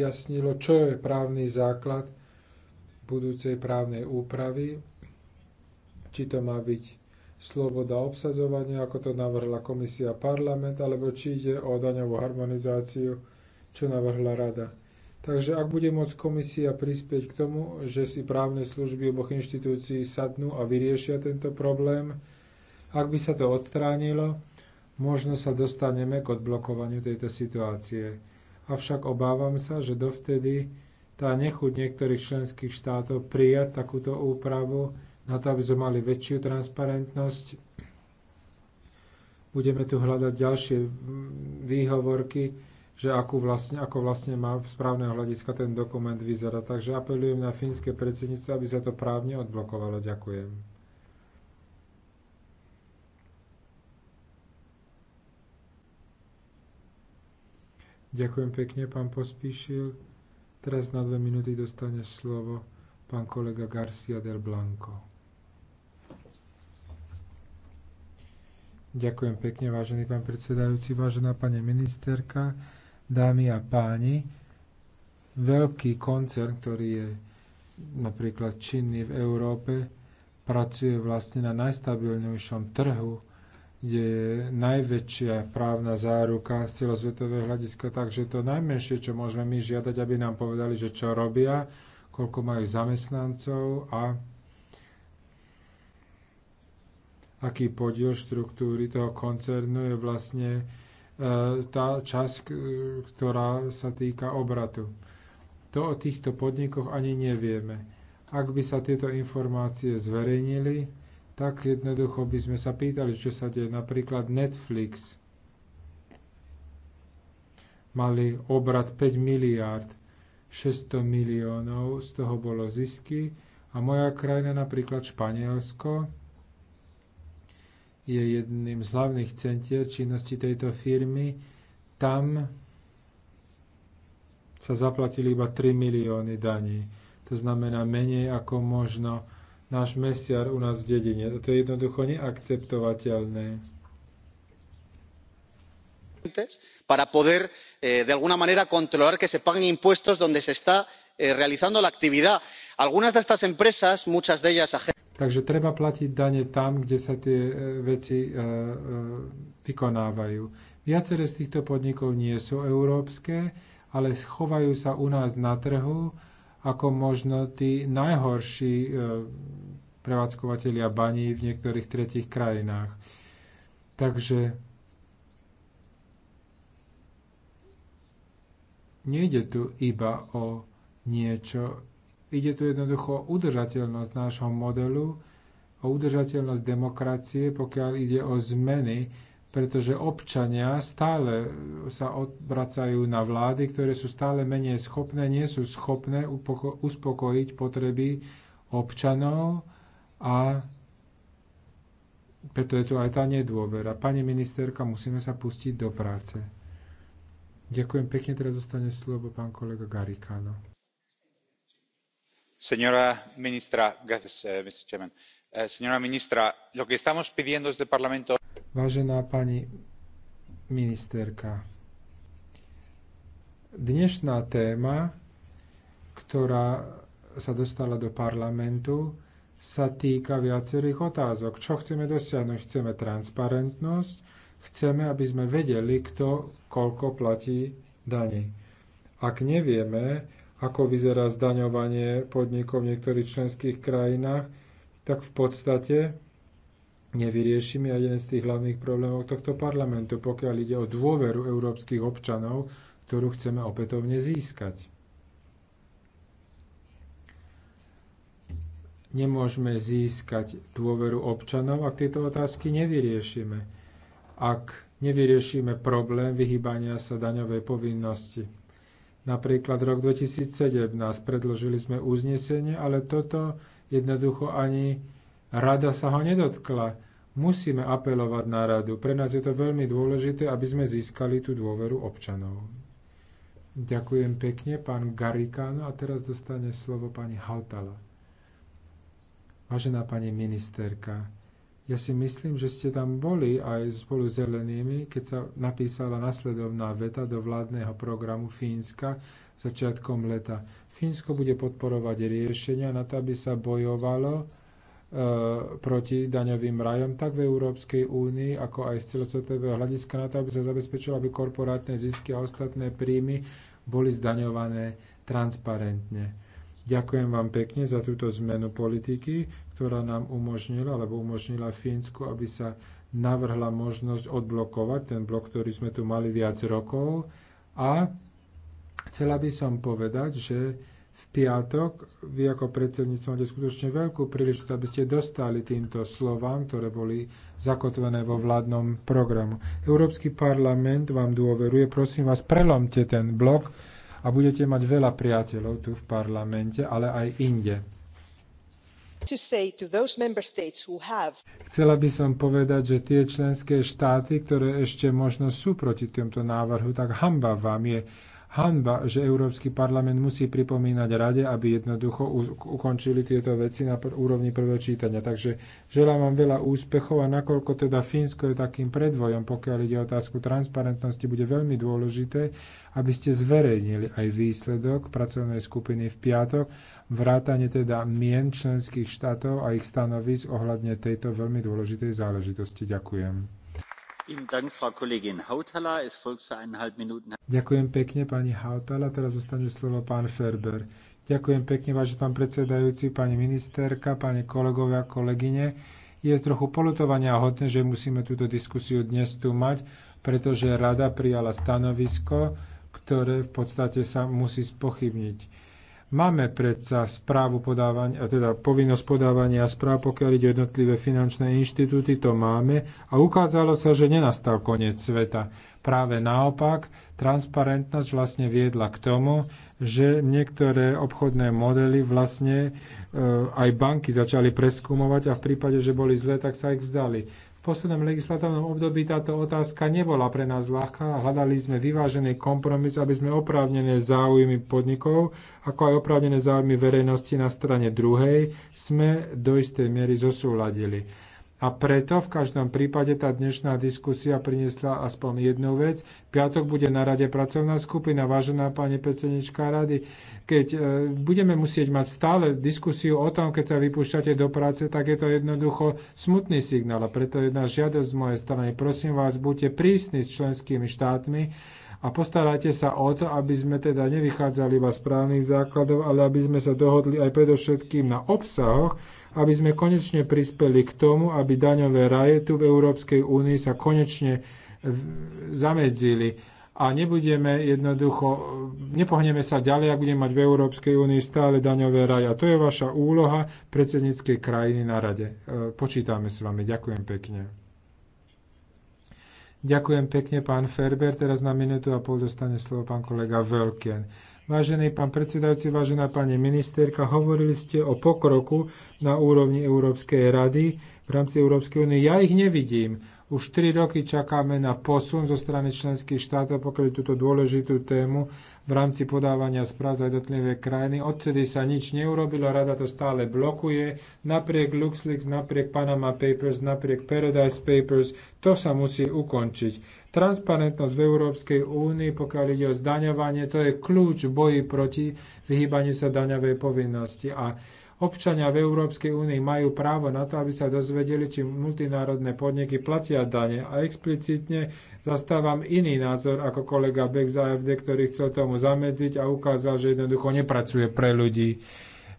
vyjasnilo, čo je právny základ budúcej právnej úpravy, či to má byť sloboda obsadzovania, ako to navrhla komisia parlament, alebo či ide o daňovú harmonizáciu, čo navrhla rada. Takže ak bude môcť komisia prispieť k tomu, že si právne služby oboch inštitúcií sadnú a vyriešia tento problém, ak by sa to odstránilo, možno sa dostaneme k odblokovaniu tejto situácie avšak obávam sa, že dovtedy tá nechuť niektorých členských štátov prijať takúto úpravu na to, aby sme mali väčšiu transparentnosť. Budeme tu hľadať ďalšie výhovorky, že ako vlastne, ako vlastne má v správneho hľadiska ten dokument vyzerať. Takže apelujem na fínske predsedníctvo, aby sa to právne odblokovalo. Ďakujem. Ďakujem pekne, pán Pospíšil. Teraz na dve minúty dostane slovo pán kolega Garcia del Blanco. Ďakujem pekne, vážený pán predsedajúci, vážená pani ministerka, dámy a páni. Veľký koncern, ktorý je napríklad činný v Európe, pracuje vlastne na najstabilnejšom trhu je najväčšia právna záruka z celosvetového hľadiska, takže to najmenšie, čo môžeme my žiadať, aby nám povedali, že čo robia, koľko majú zamestnancov a aký podiel štruktúry toho koncernu je vlastne e, tá časť, ktorá sa týka obratu. To o týchto podnikoch ani nevieme. Ak by sa tieto informácie zverejnili, tak jednoducho by sme sa pýtali, čo sa deje. Napríklad Netflix mali obrad 5 miliárd, 600 miliónov, z toho bolo zisky. A moja krajina, napríklad Španielsko, je jedným z hlavných centier činnosti tejto firmy. Tam sa zaplatili iba 3 milióny daní. To znamená menej ako možno náš mesiar u nás v dedine. To je jednoducho neakceptovateľné. Para poder eh, de alguna manera controlar que se paguen impuestos donde se está eh, realizando la actividad. Algunas de estas empresas, muchas de ellas. Takže treba platiť dane tam, kde sa tie eh, veci eh, eh, vykonávajú. Viaceré z týchto podnikov nie sú európske, ale schovajú sa u nás na trhu ako možno tí najhorší e, prevádzkovateľia baní v niektorých tretich krajinách. Takže nejde tu iba o niečo, ide tu jednoducho o udržateľnosť nášho modelu, o udržateľnosť demokracie, pokiaľ ide o zmeny, pretože občania stále sa obracajú na vlády, ktoré sú stále menej schopné, nie sú schopné uspokojiť potreby občanov a preto je tu aj tá nedôvera. Pani ministerka, musíme sa pustiť do práce. Ďakujem pekne, teraz zostane slovo pán kolega Garikano. Señora ministra, gracias, eh, Mr. Chairman. Eh, señora ministra, lo que estamos pidiendo desde el Parlamento Vážená pani ministerka, dnešná téma, ktorá sa dostala do parlamentu, sa týka viacerých otázok. Čo chceme dosiahnuť? Chceme transparentnosť, chceme, aby sme vedeli, kto koľko platí daní. Ak nevieme, ako vyzerá zdaňovanie podnikov v niektorých členských krajinách, tak v podstate nevyriešime jeden z tých hlavných problémov tohto parlamentu, pokiaľ ide o dôveru európskych občanov, ktorú chceme opätovne získať. Nemôžeme získať dôveru občanov, ak tieto otázky nevyriešime. Ak nevyriešime problém vyhýbania sa daňovej povinnosti. Napríklad rok 2017 predložili sme uznesenie, ale toto jednoducho ani Rada sa ho nedotkla. Musíme apelovať na radu. Pre nás je to veľmi dôležité, aby sme získali tú dôveru občanov. Ďakujem pekne, pán Garikán. A teraz dostane slovo pani Hautala. Vážená pani ministerka, ja si myslím, že ste tam boli aj spolu s zelenými, keď sa napísala nasledovná veta do vládneho programu Fínska začiatkom leta. Fínsko bude podporovať riešenia na to, aby sa bojovalo Eh, proti daňovým rajom, tak v Európskej únii, ako aj z celosvetového hľadiska na to, aby sa zabezpečilo, aby korporátne zisky a ostatné príjmy boli zdaňované transparentne. Ďakujem vám pekne za túto zmenu politiky, ktorá nám umožnila, alebo umožnila Fínsku, aby sa navrhla možnosť odblokovať ten blok, ktorý sme tu mali viac rokov. A chcela by som povedať, že v piatok. Vy ako predsedníctvo máte skutočne veľkú príležitosť, aby ste dostali týmto slovám, ktoré boli zakotvené vo vládnom programu. Európsky parlament vám dôveruje, prosím vás, prelomte ten blok a budete mať veľa priateľov tu v parlamente, ale aj inde. Chcela by som povedať, že tie členské štáty, ktoré ešte možno sú proti tomto návrhu, tak hamba vám je Hanba, že Európsky parlament musí pripomínať rade, aby jednoducho ukončili tieto veci na pr- úrovni prvého čítania. Takže želám vám veľa úspechov a nakoľko teda Fínsko je takým predvojom, pokiaľ ide o otázku transparentnosti, bude veľmi dôležité, aby ste zverejnili aj výsledok pracovnej skupiny v piatok, vrátane teda mien členských štátov a ich stanovisk ohľadne tejto veľmi dôležitej záležitosti. Ďakujem. Ďakujem pekne, pani Hautala. Teraz zostane slovo pán Ferber. Ďakujem pekne, vážený pán predsedajúci, pani ministerka, pani kolegovia, kolegyne. Je trochu polutovania hodné, že musíme túto diskusiu dnes tu mať, pretože rada prijala stanovisko, ktoré v podstate sa musí spochybniť Máme predsa správu podávania, teda povinnosť podávania správ, pokiaľ ide jednotlivé finančné inštitúty, to máme a ukázalo sa, že nenastal koniec sveta. Práve naopak, transparentnosť vlastne viedla k tomu, že niektoré obchodné modely vlastne e, aj banky začali preskúmovať a v prípade, že boli zlé, tak sa ich vzdali. V poslednom legislatívnom období táto otázka nebola pre nás ľahká. Hľadali sme vyvážený kompromis, aby sme oprávnené záujmy podnikov, ako aj oprávnené záujmy verejnosti na strane druhej, sme do istej miery zosúladili a preto v každom prípade tá dnešná diskusia priniesla aspoň jednu vec. Piatok bude na rade pracovná skupina, vážená pani predsednička rady. Keď e, budeme musieť mať stále diskusiu o tom, keď sa vypúšťate do práce, tak je to jednoducho smutný signál. A preto jedna žiadosť z mojej strany. Prosím vás, buďte prísni s členskými štátmi a postarajte sa o to, aby sme teda nevychádzali iba z právnych základov, ale aby sme sa dohodli aj predovšetkým na obsahoch, aby sme konečne prispeli k tomu, aby daňové raje tu v Európskej únii sa konečne zamedzili a nebudeme jednoducho, nepohneme sa ďalej, ak budeme mať v Európskej únii stále daňové raje. A To je vaša úloha predsedníckej krajiny na rade. E, počítame s vami. Ďakujem pekne. Ďakujem pekne, pán Ferber. Teraz na minútu a pol dostane slovo pán kolega Völken. Vážený pán predsedajúci, vážená pani ministerka, hovorili ste o pokroku na úrovni Európskej rady v rámci Európskej únie. Ja ich nevidím. Už 3 roky čakáme na posun zo strany členských štátov, pokiaľ túto dôležitú tému v rámci podávania správ za jednotlivé krajiny. Odtedy sa nič neurobilo, rada to stále blokuje. Napriek LuxLeaks, napriek Panama Papers, napriek Paradise Papers, to sa musí ukončiť. Transparentnosť v Európskej únii, pokiaľ ide o zdaňovanie, to je kľúč v boji proti vyhýbaniu sa daňovej povinnosti. A Občania v Európskej únii majú právo na to, aby sa dozvedeli, či multinárodné podniky platia dane. A explicitne zastávam iný názor ako kolega Beck z AFD, ktorý chcel tomu zamedziť a ukázal, že jednoducho nepracuje pre ľudí.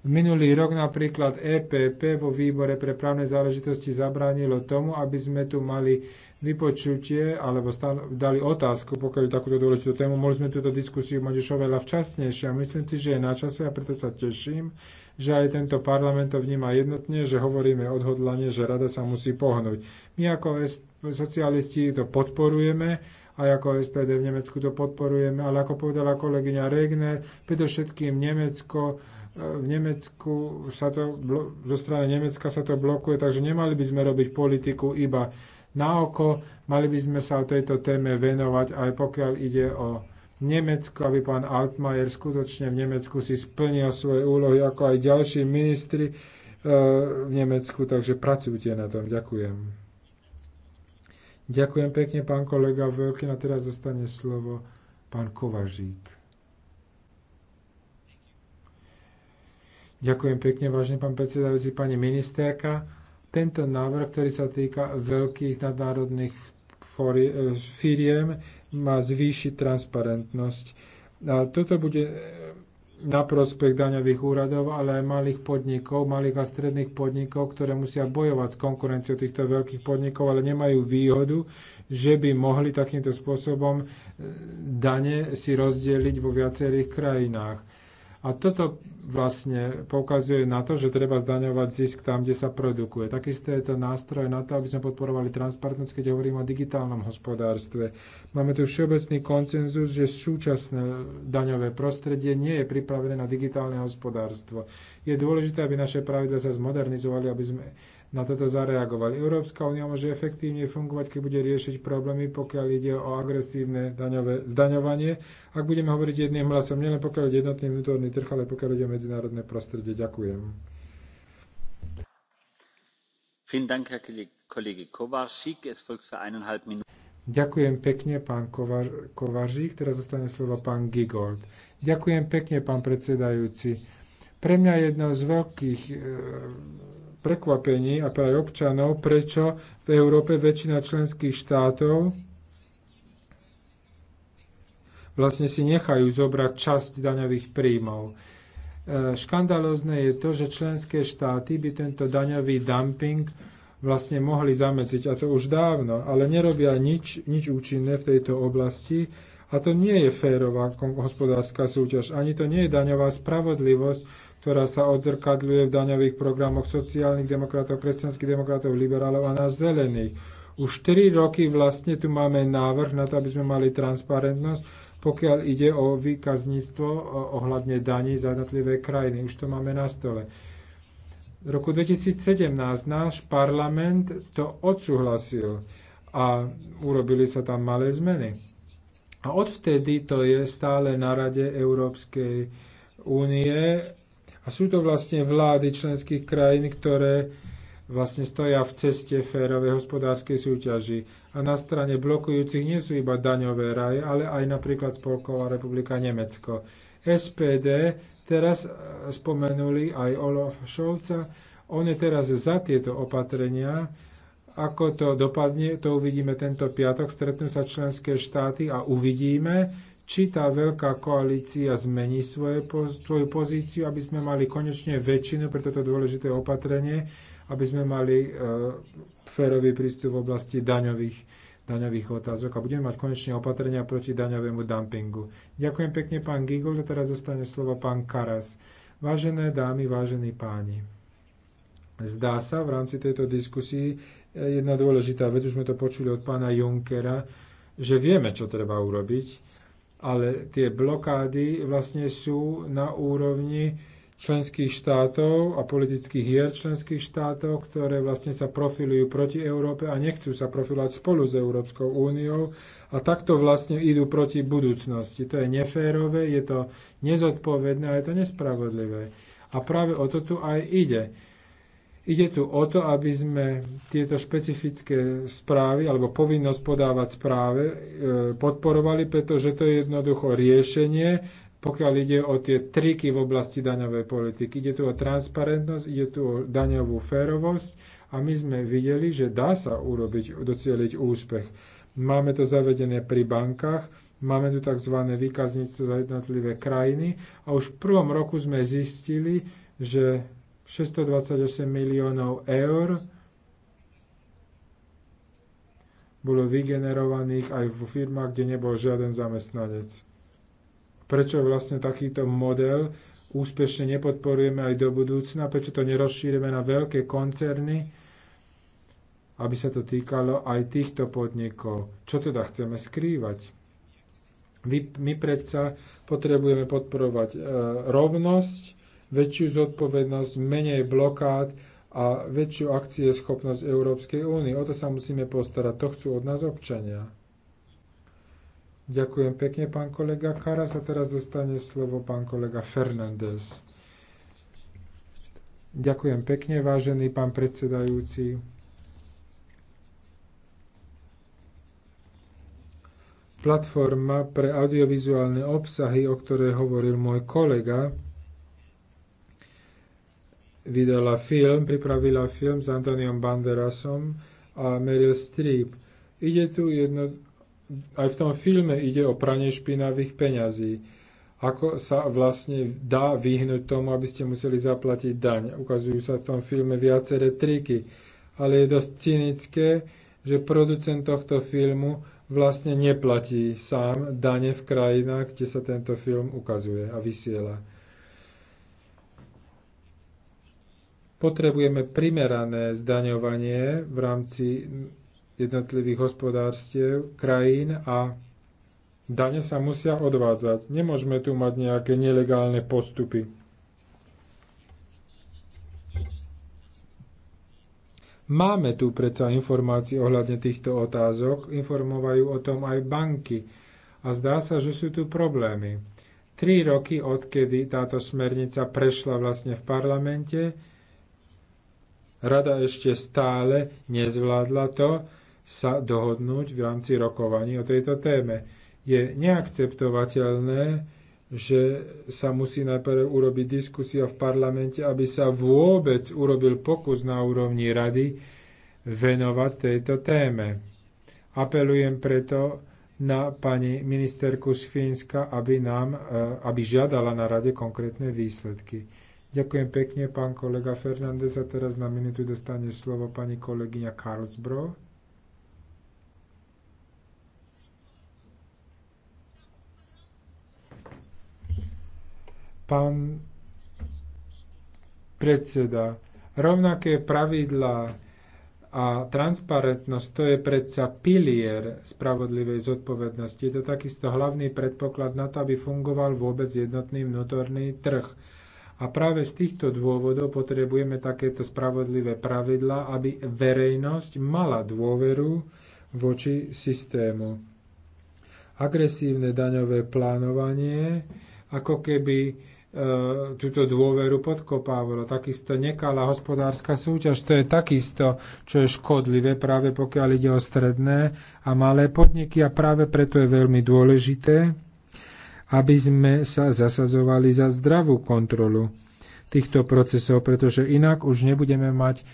Minulý rok napríklad EPP vo výbore pre právne záležitosti zabránilo tomu, aby sme tu mali vypočutie alebo dali otázku, pokiaľ takúto dôležitú tému, mohli sme túto diskusiu mať už oveľa včasnejšie a myslím si, že je na čase a preto sa teším, že aj tento parlament to vníma jednotne, že hovoríme odhodlane, že rada sa musí pohnúť. My ako socialisti to podporujeme, a ako SPD v Nemecku to podporujeme, ale ako povedala kolegyňa Regner, predovšetkým Nemecko, e, v Nemecku sa to, zo strany Nemecka sa to blokuje, takže nemali by sme robiť politiku iba na oko. Mali by sme sa o tejto téme venovať aj pokiaľ ide o Nemecko, aby pán Altmaier skutočne v Nemecku si splnil svoje úlohy, ako aj ďalší ministri e, v Nemecku, takže pracujte na tom. Ďakujem. Ďakujem pekne, pán kolega Veľký. A teraz zostane slovo pán Kovažík. Ďakujem pekne, vážený pán predsedajúci, pani ministerka. Tento návrh, ktorý sa týka veľkých nadnárodných e, firiem, má zvýšiť transparentnosť. A toto bude e, na prospech daňových úradov, ale aj malých podnikov, malých a stredných podnikov, ktoré musia bojovať s konkurenciou týchto veľkých podnikov, ale nemajú výhodu, že by mohli takýmto spôsobom e, dane si rozdeliť vo viacerých krajinách. A toto vlastne poukazuje na to, že treba zdaňovať zisk tam, kde sa produkuje. Takisto je to nástroj na to, aby sme podporovali transparentnosť, keď hovoríme o digitálnom hospodárstve. Máme tu všeobecný koncenzus, že súčasné daňové prostredie nie je pripravené na digitálne hospodárstvo. Je dôležité, aby naše pravidla sa zmodernizovali, aby sme na toto zareagovali. Európska únia môže efektívne fungovať, keď bude riešiť problémy, pokiaľ ide o agresívne daňové zdaňovanie. Ak budeme hovoriť jedným hlasom, nielen pokiaľ ide jednotný vnútorný trh, ale pokiaľ ide o medzinárodné prostredie. Ďakujem. Ďakujem pekne, pán Kovařík. Teraz zostane slovo pán Gigold. Ďakujem pekne, pán predsedajúci. Pre mňa jedno z veľkých e, prekvapení a pre aj občanov, prečo v Európe väčšina členských štátov vlastne si nechajú zobrať časť daňových príjmov. E, škandalozne je to, že členské štáty by tento daňový dumping vlastne mohli zamedziť, a to už dávno, ale nerobia nič, nič účinné v tejto oblasti a to nie je férová hospodárska súťaž, ani to nie je daňová spravodlivosť, ktorá sa odzrkadľuje v daňových programoch sociálnych demokratov, kresťanských demokratov, liberálov a nás zelených. Už 4 roky vlastne tu máme návrh na to, aby sme mali transparentnosť, pokiaľ ide o výkazníctvo ohľadne daní za jednotlivé krajiny. Už to máme na stole. V roku 2017 náš parlament to odsúhlasil a urobili sa tam malé zmeny. A odvtedy to je stále na Rade Európskej únie a sú to vlastne vlády členských krajín, ktoré vlastne stoja v ceste férovej hospodárskej súťaži. A na strane blokujúcich nie sú iba daňové raje, ale aj napríklad Spolková republika Nemecko. SPD teraz e, spomenuli aj Olaf Scholza. On je teraz za tieto opatrenia. Ako to dopadne, to uvidíme tento piatok. Stretnú sa členské štáty a uvidíme, či tá veľká koalícia zmení svoje, svoju pozíciu, aby sme mali konečne väčšinu pre toto dôležité opatrenie, aby sme mali e, férový prístup v oblasti daňových, daňových otázok a budeme mať konečne opatrenia proti daňovému dumpingu. Ďakujem pekne, pán Gigol, a teraz zostane slovo pán Karas. Vážené dámy, vážení páni, zdá sa v rámci tejto diskusii e, jedna dôležitá vec, už sme to počuli od pána Junkera, že vieme, čo treba urobiť, ale tie blokády vlastne sú na úrovni členských štátov a politických hier členských štátov, ktoré vlastne sa profilujú proti Európe a nechcú sa profilovať spolu s Európskou úniou a takto vlastne idú proti budúcnosti. To je neférové, je to nezodpovedné a je to nespravodlivé. A práve o to tu aj ide Ide tu o to, aby sme tieto špecifické správy alebo povinnosť podávať správe e, podporovali, pretože to je jednoducho riešenie, pokiaľ ide o tie triky v oblasti daňovej politiky. Ide tu o transparentnosť, ide tu o daňovú férovosť a my sme videli, že dá sa urobiť, docieliť úspech. Máme to zavedené pri bankách, máme tu tzv. výkazníctvo za jednotlivé krajiny a už v prvom roku sme zistili, že 628 miliónov eur bolo vygenerovaných aj vo firmách, kde nebol žiaden zamestnanec. Prečo vlastne takýto model úspešne nepodporujeme aj do budúcna? Prečo to nerozšírime na veľké koncerny, aby sa to týkalo aj týchto podnikov? Čo teda chceme skrývať? My predsa potrebujeme podporovať e, rovnosť, väčšiu zodpovednosť, menej blokád a väčšiu akcieschopnosť Európskej únie. O to sa musíme postarať. To chcú od nás občania. Ďakujem pekne, pán kolega Karas. A teraz dostane slovo pán kolega Fernández. Ďakujem pekne, vážený pán predsedajúci. Platforma pre audiovizuálne obsahy, o ktorej hovoril môj kolega, vydala film, pripravila film s Antoniom Banderasom a Meryl Streep. Ide tu jedno, aj v tom filme ide o pranie špinavých peňazí. Ako sa vlastne dá vyhnúť tomu, aby ste museli zaplatiť daň. Ukazujú sa v tom filme viaceré triky, ale je dosť cynické, že producent tohto filmu vlastne neplatí sám dane v krajinách, kde sa tento film ukazuje a vysiela. Potrebujeme primerané zdaňovanie v rámci jednotlivých hospodárstiev, krajín a dane sa musia odvádzať. Nemôžeme tu mať nejaké nelegálne postupy. Máme tu predsa informácie ohľadne týchto otázok, informovajú o tom aj banky a zdá sa, že sú tu problémy. Tri roky, odkedy táto smernica prešla vlastne v parlamente, Rada ešte stále nezvládla to sa dohodnúť v rámci rokovaní o tejto téme. Je neakceptovateľné, že sa musí najprv urobiť diskusia v parlamente, aby sa vôbec urobil pokus na úrovni rady venovať tejto téme. Apelujem preto na pani ministerku z Fínska, aby, nám, eh, aby žiadala na rade konkrétne výsledky. Ďakujem pekne, pán kolega Fernández. A teraz na minútu dostane slovo pani kolegyňa Karlsbro. Pán predseda, rovnaké pravidlá a transparentnosť to je predsa pilier spravodlivej zodpovednosti. Je to takisto hlavný predpoklad na to, aby fungoval vôbec jednotný vnútorný trh. A práve z týchto dôvodov potrebujeme takéto spravodlivé pravidlá, aby verejnosť mala dôveru voči systému. Agresívne daňové plánovanie ako keby e, túto dôveru podkopávalo. Takisto nekalá hospodárska súťaž, to je takisto, čo je škodlivé práve pokiaľ ide o stredné a malé podniky a práve preto je veľmi dôležité, aby sme sa zasazovali za zdravú kontrolu týchto procesov, pretože inak už nebudeme mať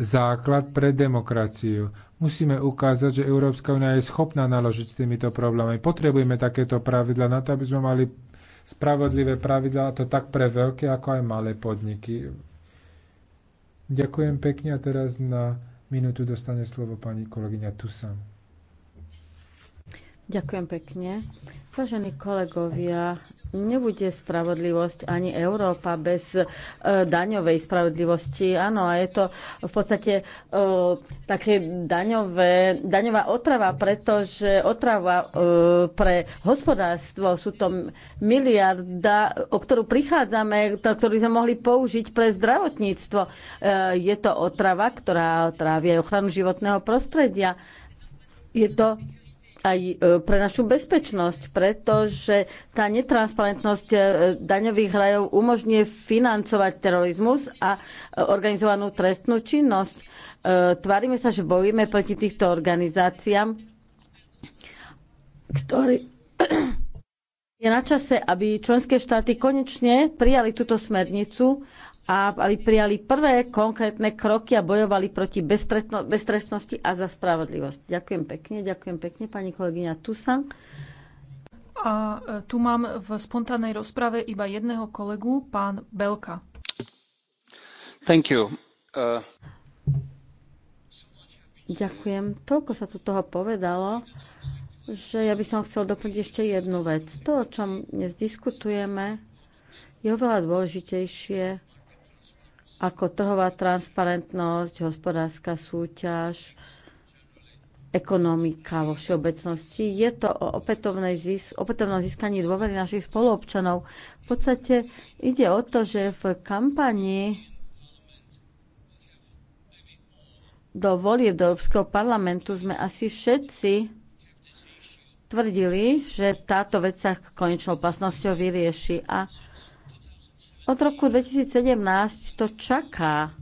základ pre demokraciu. Musíme ukázať, že Európska únia je schopná naložiť s týmito problémami. Potrebujeme takéto pravidla na to, aby sme mali spravodlivé pravidla, a to tak pre veľké, ako aj malé podniky. Ďakujem pekne a teraz na minútu dostane slovo pani kolegyňa Tusan. Ďakujem pekne. Vážení kolegovia, nebude spravodlivosť ani Európa bez e, daňovej spravodlivosti. Áno, a je to v podstate e, také daňové, daňová otrava, pretože otrava e, pre hospodárstvo sú to miliarda, o ktorú prichádzame, to, ktorú sme mohli použiť pre zdravotníctvo. je to otrava, ktorá trávia ochranu životného prostredia. Je to aj e, pre našu bezpečnosť, pretože tá netransparentnosť e, daňových rajov umožňuje financovať terorizmus a e, organizovanú trestnú činnosť. Tvárime sa, že bojíme proti týchto organizáciám, ktorý je na čase, aby členské štáty konečne prijali túto smernicu a aby prijali prvé konkrétne kroky a bojovali proti beztrestnosti a za spravodlivosť. Ďakujem pekne, ďakujem pekne pani kolegyňa Tusan. A e, tu mám v spontánnej rozprave iba jedného kolegu, pán Belka. Thank you. Uh... Ďakujem. Toľko sa tu toho povedalo, že ja by som chcel doplniť ešte jednu vec. To, o čom dnes diskutujeme, je oveľa dôležitejšie ako trhová transparentnosť, hospodárska súťaž, ekonomika vo všeobecnosti. Je to o opätovnom získaní dôvery našich spoluobčanov. V podstate ide o to, že v kampani do volieb do Európskeho parlamentu sme asi všetci tvrdili, že táto vec sa konečnou opasnosťou vyrieši. A od roku 2017 to čaká.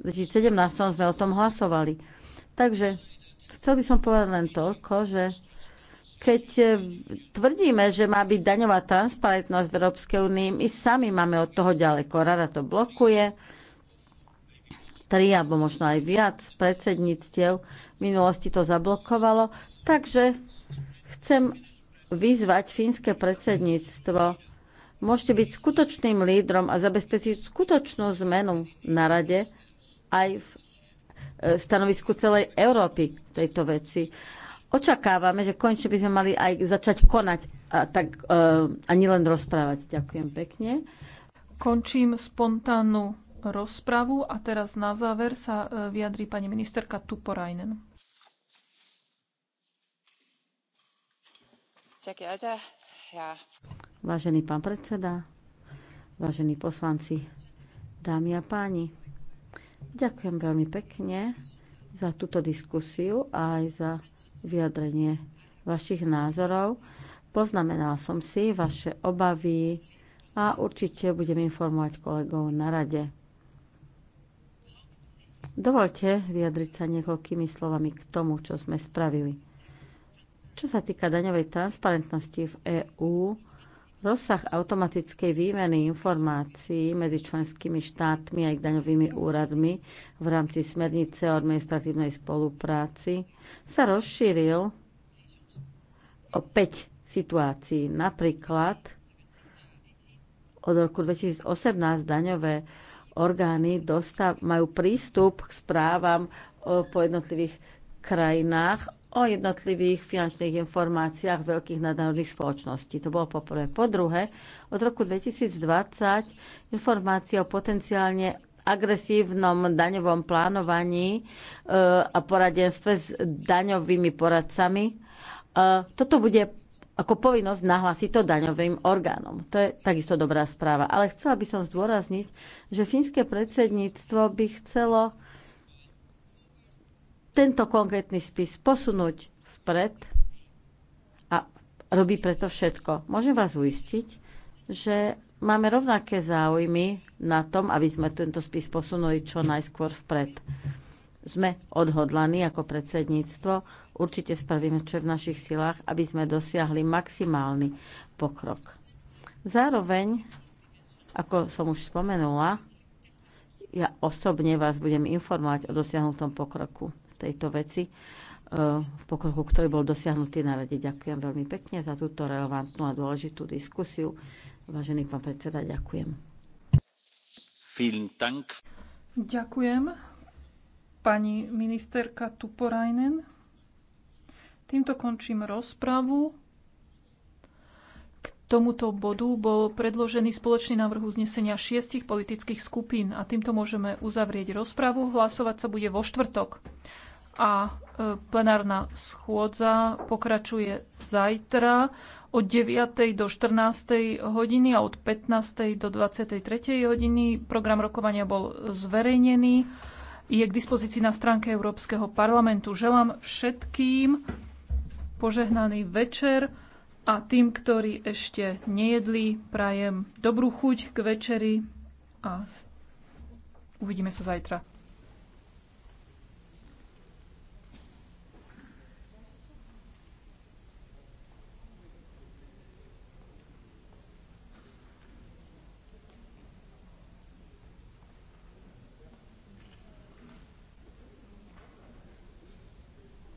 V 2017 sme o tom hlasovali. Takže chcel by som povedať len toľko, že keď e, tvrdíme, že má byť daňová transparentnosť v Európskej únii, my sami máme od toho ďaleko. Rada to blokuje. Tri alebo možno aj viac predsedníctiev v minulosti to zablokovalo. Takže chcem vyzvať fínske predsedníctvo, Môžete byť skutočným lídrom a zabezpečiť skutočnú zmenu na rade aj v e, stanovisku celej Európy v tejto veci. Očakávame, že konečne by sme mali aj začať konať a, tak, e, a nielen rozprávať. Ďakujem pekne. Končím spontánnu rozpravu a teraz na záver sa e, vyjadrí pani ministerka Tuporajnen. Ďakujem. Vážený pán predseda, vážení poslanci, dámy a páni, ďakujem veľmi pekne za túto diskusiu a aj za vyjadrenie vašich názorov. Poznamenal som si vaše obavy a určite budem informovať kolegov na rade. Dovolte vyjadriť sa niekoľkými slovami k tomu, čo sme spravili. Čo sa týka daňovej transparentnosti v EÚ, Rozsah automatickej výmeny informácií medzi členskými štátmi a ich daňovými úradmi v rámci smernice o administratívnej spolupráci sa rozšíril o 5 situácií. Napríklad od roku 2018 daňové orgány dostav, majú prístup k správam po jednotlivých krajinách o jednotlivých finančných informáciách veľkých nadnárodných spoločností. To bolo poprvé. Po druhé, od roku 2020 informácie o potenciálne agresívnom daňovom plánovaní e, a poradenstve s daňovými poradcami. E, toto bude ako povinnosť nahlásiť to daňovým orgánom. To je takisto dobrá správa. Ale chcela by som zdôrazniť, že fínske predsedníctvo by chcelo tento konkrétny spis posunúť vpred a robí preto všetko. Môžem vás uistiť, že máme rovnaké záujmy na tom, aby sme tento spis posunuli čo najskôr vpred. Sme odhodlaní ako predsedníctvo, určite spravíme, čo je v našich silách, aby sme dosiahli maximálny pokrok. Zároveň, ako som už spomenula, ja osobne vás budem informovať o dosiahnutom pokroku v tejto veci, e, v pokroku, ktorý bol dosiahnutý na rade. Ďakujem veľmi pekne za túto relevantnú a dôležitú diskusiu. Vážený pán predseda, ďakujem. Ďakujem. Pani ministerka Tuporajnen. Týmto končím rozpravu tomuto bodu bol predložený spoločný návrh uznesenia šiestich politických skupín a týmto môžeme uzavrieť rozpravu. Hlasovať sa bude vo štvrtok. A e, plenárna schôdza pokračuje zajtra od 9. do 14. hodiny a od 15. do 23. hodiny. Program rokovania bol zverejnený. Je k dispozícii na stránke Európskeho parlamentu. Želám všetkým požehnaný večer. A tým, ktorí ešte nejedli, prajem dobrú chuť k večeri a uvidíme sa zajtra.